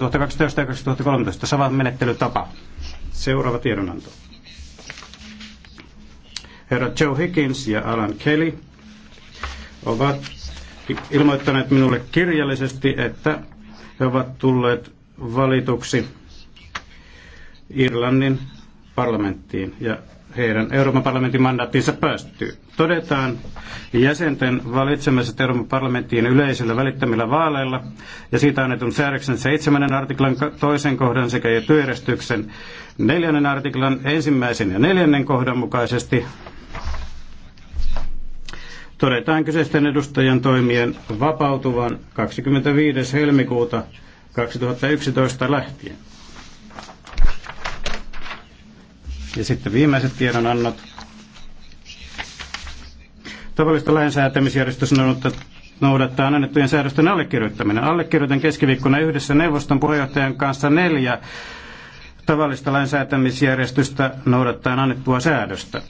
2012 ja 2013 sama menettelytapa. Seuraava tiedonanto. Herra Joe Higgins ja Alan Kelly ovat ilmoittaneet minulle kirjallisesti, että he ovat tulleet valituksi Irlannin parlamenttiin ja heidän Euroopan parlamentin mandaattinsa päästyy. Todetaan jäsenten valitsemiset Euroopan parlamenttiin yleisillä välittämillä vaaleilla ja siitä annetun säädöksen 7. artiklan toisen kohdan sekä jo työjärjestyksen 4. artiklan ensimmäisen ja neljännen kohdan mukaisesti todetaan kyseisten edustajan toimien vapautuvan 25. helmikuuta 2011 lähtien. Ja sitten viimeiset tiedonannot. Tavallista lainsäätämisjärjestysnoudattaa noudattaa annettujen säädösten allekirjoittaminen. Allekirjoitan keskiviikkona yhdessä neuvoston puheenjohtajan kanssa neljä tavallista lainsäätämisjärjestystä noudattaen annettua säädöstä.